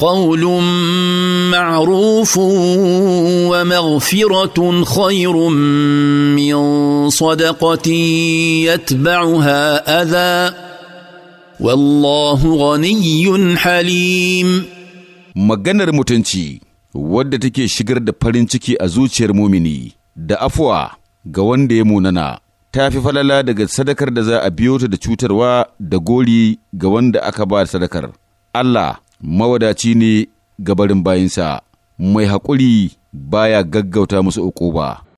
قول معروف ومغفره خير من صدقه يتبعها اذى والله غني حليم maganar mutunci wadda take shigar da farin ciki a zuciyar mumini da afuwa ga wanda ya munana ta fi falala daga sadakar da za a biyo ta da cutarwa da gori ga wanda aka ba sadakar Allah mawadaci ne gabarin bayinsa, mai haƙuri baya gaggauta musu uku ba.